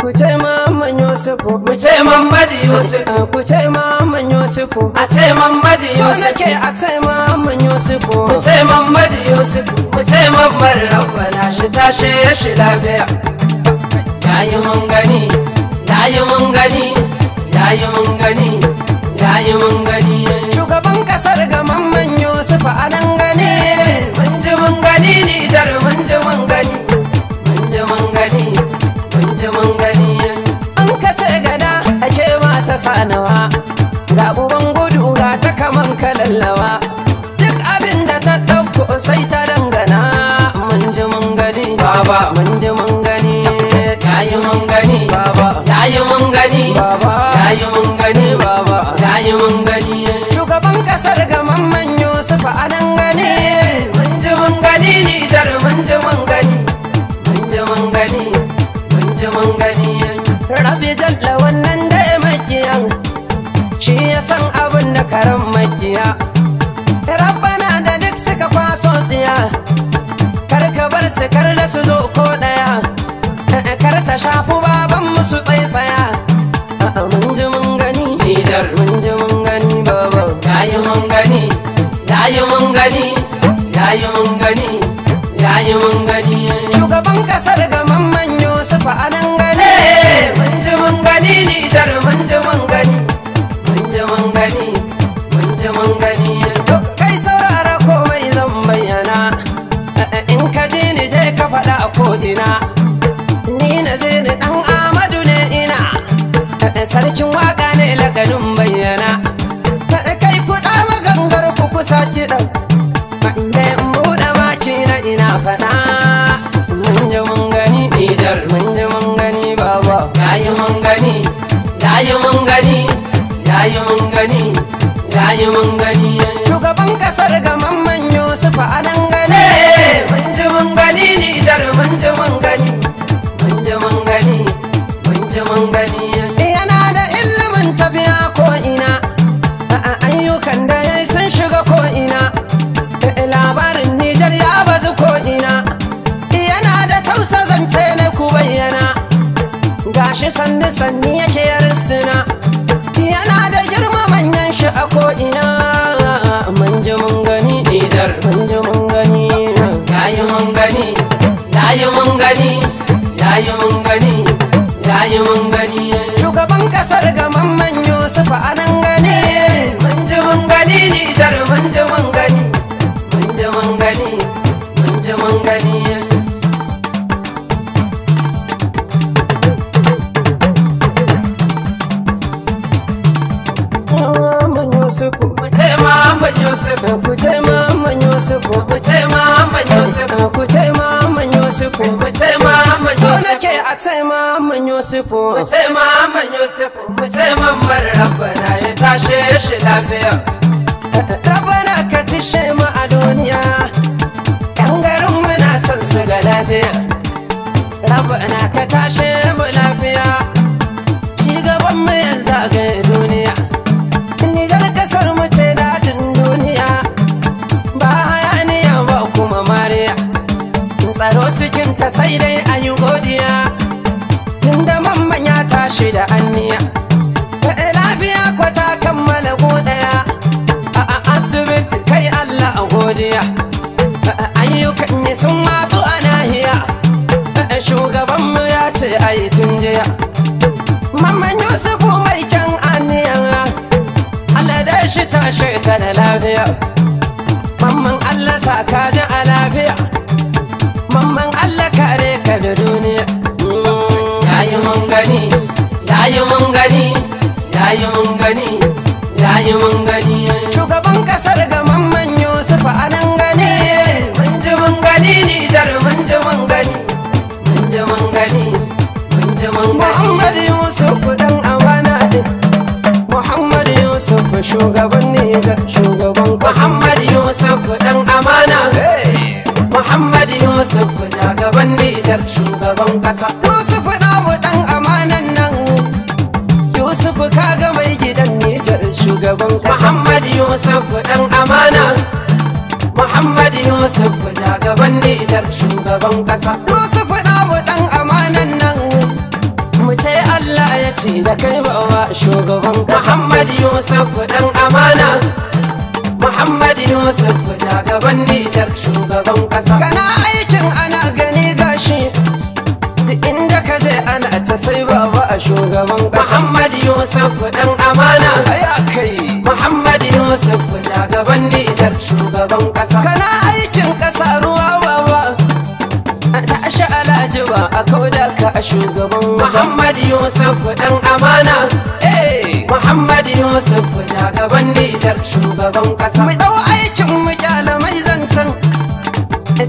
ku ce mamman yusufu mu eh, ce mamman yusufu ku ce mamman a ce mamman yusufu ke a ce mamman yusufu mu ce mamman yusufu mu ce mamman rabbana shi tashe shi lafiya yayi mun gani yayi mun gani yayi mun gani yayi mun gani shugaban kasar ga mamman yusufu a nan gani mun ji mun gani ni jar mun ji mun gani mun gani an kace gada ake ma ta sanawa ga uban gudu ga ta kaman kalallawa duk abin da ta dauko sai ta dangana mun ji mun gani baba mun ji mun gani yayi mun gani baba yayi mun gani baba yayi mun gani baba yayi mun gani shugaban kasar gaman manyo sufa anan gani mun ji mun gani ni jar mun ji mun gani mun ji mun gani gani rabi jalla wannan da ya makiyan shi ya san abin da karan makiya rabbana da duk suka kwaso tsiya kar ka bar su kar da su zo ko daya kar ta shafu baban musu tsaitsaya mun ji mun gani nijar mun ji mun gani baba yayi mun gani yayi mun gani yayi mun gani yayi mun gani shugaban kasar gaman manyo sufa anan gane mun ji gani nijar mun ji gani mun ji mun gani mun ji gani biyar mun ji mun gani baba yayi mun gani yayi mun gani yayi mun gani yayi mun gani shugaban kasar gama sanni sannu yake yarsuna yana da girma manyan shi a ko'ina mun ji mun gani nijar mun ji mun gani yayi mun gani yayi mun gani yayi mun gani yayi mun gani shugaban kasar gaman manyo sufa anan gani mun ji mun gani nijar mun ji mun gani ce mamman yusufu mu ce mamman yusufu mu ce mamman rabbana ya tashe shi lafiya rabbana ka ci shi mu a duniya yan garin muna son su ga lafiya rabbana ka tashe mu lafiya ci gaban mu yanzu ga duniya nijar kasar mu ce daɗin duniya ba hayaniya ba kuma mariya tsaro cikin ta sai dai shi da anniya lafiya ko ta kammala ko a asibiti kai Allah a godiya ayyukan yi sun matu a nahiya shugabanmu ya ce ayi tun jiya mamman yusufu mai can aniya Allah shi ta shaita da lafiya mamman Allah sa ka ji a lafiya mamman Allah kare ka da duniya mm, yayi mun gani yayi mun gani yayi mun gani yayi mun gani shugaban kasar gaman mamman Yusuf anan gani mun ji mun gani Nijar mun ji mun gani mun ji mun gani mun ji mun gani Muhammad Yusuf dan amana din Muhammad Yusuf shugaban Nijar shugaban kasar Muhammad Yusuf dan amana Muhammad Yusuf jagaban Nijar shugaban kasa Yusuf dan shugaban kasa Muhammad Yusuf dan amana Muhammad Yusuf jagaban Nijar shugaban kasa Yusuf mu dan amanan nan mu ce Allah ya ce da kai bawa shugaban kasa Muhammad Yusuf dan amana Muhammad Yusuf jagaban Nijar shugaban kasa kana aikin ana gani gashi inda ka je ana ta sai baba a shugaban kasa Muhammad Yusuf dan amana shugaban kasa kana aikin kasa ruwa wawa tashi alhaji ba a kauda ka a shugaban muhammad yusuf dan amana eh. muhammad yusuf gaban nijar shugaban kasa mai dau aikin mu kyalamai zancen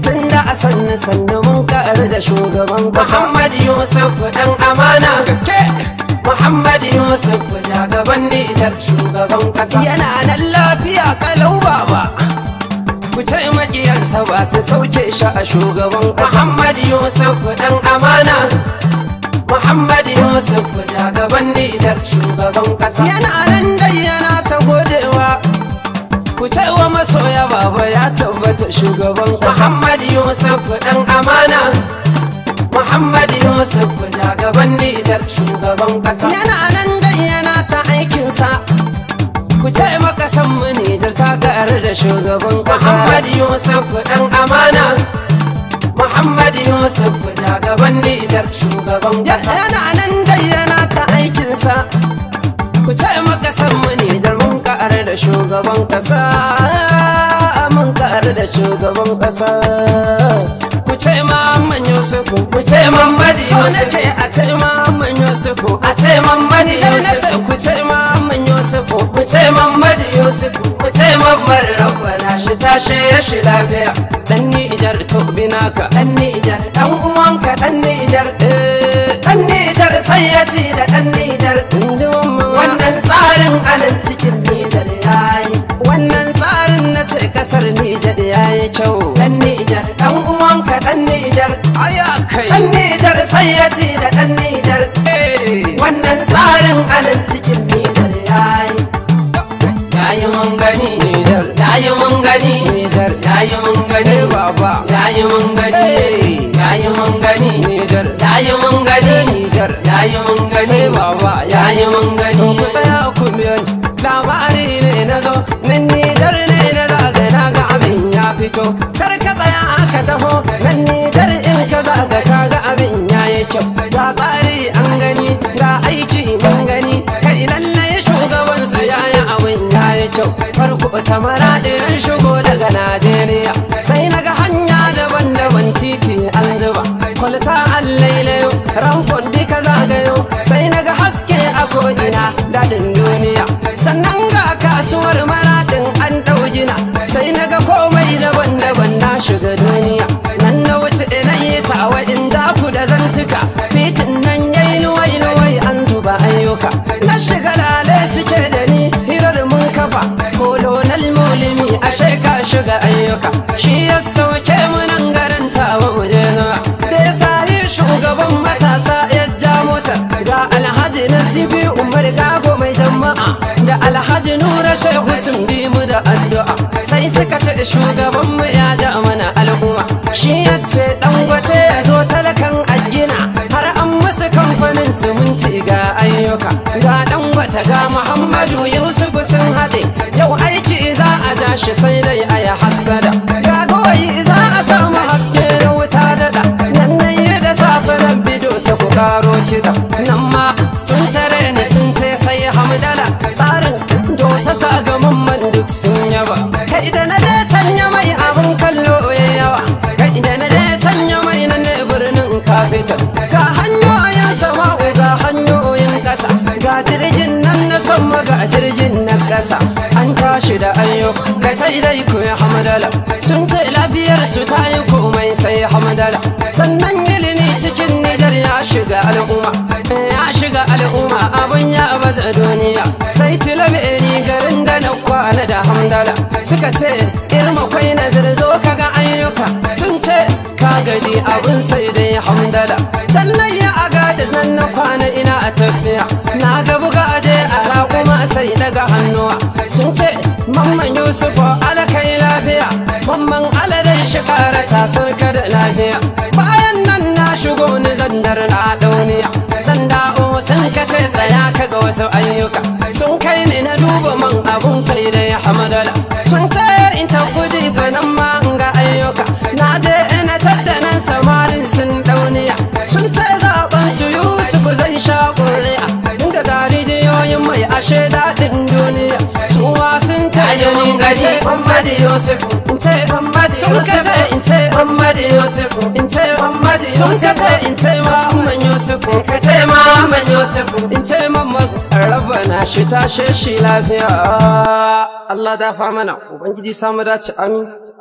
tun da a sannu sannu mun karu da shugaban kasa. muhammad yusuf dan amana gaske Muhammad Yusuf gaban Nijar shugaban kasa Yana nan lafiya kalau baba. ku ce makiyansa ba su sauke shi a shugaban ƙasa Muhammad Yusuf dan amana Muhammad Yusuf gaban Nijar shugaban ƙasa yana nan dai yana ta godewa ku ce wa masoya baba ya tabbata shugaban ƙasa Muhammad Yusuf dan amana Muhammad Yusuf gaban Nijar shugaban ƙasa yana nan dai yana ta aikinsa fice maka san mu Nijar ta karu da shugaban kasa Muhammad Yusuf dan amana Muhammad Yusuf gaban Nijar shugaban kasa yana nan dai yana ta aikin sa fice maka san mu mun karu da shugaban kasa mun karu da shugaban kasa ku ce Muhammad Yusufu ku ce Mamadi Yusufu so ce a ce Muhammad Yusufu a ce Mamadi Yusufu ku ce Muhammad Yusufu ku ce Mamadi Yusufu ku ce Muhammad Rabbana shi tashe shi lafiya dan ni ijar to binaka dan ni ijar dan uwanka dan ni ijar eh, dan ni ijar sai ya ci da dan ni ijar wannan tsarin anan cikin Nijar yayi wannan tsarin na ce kasar Nijar yayi kyau dan ni ijar dan uwanka Ɗan Nijar sai ya ce da ɗan Nijar eh. wannan tsarin anan cikin Nijar ya yayi. Yayi mun gani Nijar, yayi mun gani Nijar, yayi mun gani eh, baba, yayi mun gani eh. yayi mun gani Nijar, yayi mun gani Nijar, yayi mun gani baba, yayi mun gani. Ku ya ku biyan labari ne na zo, nan Nijar ne na zaga na ga abin ya fito. baya aka taho nan nijar in ka zaga kaga abin yayi kyau ga tsari an gani ga aiki an gani kai lallai shugaban su yayi abin yayi kyau farko ta maradiran shigo daga najeriya sai naga hanya daban-daban titi an zuba kwalta an lailayo rankon duka zagayo sai naga haske a ko'ina dadin duniya sannan ga kasuwar maradin an ɗau sai naga komai daban-daban shiga duniya nan na wuce ina yi tawa in da ku da zantuka titin nan yayi nuwai nuwai an zuba ayyuka na shiga lale suke da ni hirar mun kafa kolonal mulimi ashe ka shiga ayyuka shi ya sauke mu nan garin tawa mu da ya sahi shugaban matasa ya ja motar Da alhaji nasibi umar gago mai jama'a da alhaji nura shehu sun bi mu da addu'a sai suka ce shugaban shi yace dangote ya zo talakan agina har an masa kamfanin siminti ga ayyuka ga gwate ga muhammadu yusuf sun haɗe yau aiki za a ja shi sai dai a ya hassada ga gawayi za a samu haske na wuta daɗa nan nan yi da safe nan bido su ku karo kiɗa nan ma sun tare ni sun ce sai hamdala daga jirgin na ƙasa an tashi da ayo kai sai dai ku hamdala sun ce lafiyar su ta yi komai sai hamdala. sannan ilimi cikin nijar ya shiga al'umma ya shiga al'umma abun ya baza duniya sai tilamiri garin da na kwana da hamdala suka ce irma kwai na zirzo kaga ayyuka sun ce ka gani abun sai dai hamdala sannan ya aga da zan na kwana ina a tafiya sufo alakai lafiya mamman aladen shi ƙara ta sarka da lafiya bayan nan na shigo ni zandar na ɗauniya. zan da'o sun kace ce tsaya ka ga wasu ayyuka sun kai ni na duba man abun sai ya hamadala sun tayar in ta kudi banan ma in ga ayyuka na je ina taddanan samarin sun ɗauniya. sun ce zaɓen su yusuf zai sha ƙurri mun gani Muhammad Yusuf in ce Muhammad Yusuf in ce Muhammad Yusuf in in ce Muhammad Yusuf ka ce Muhammad Yusuf shi tashe shi lafiya Allah da fa mana Ubangiji samu dace amin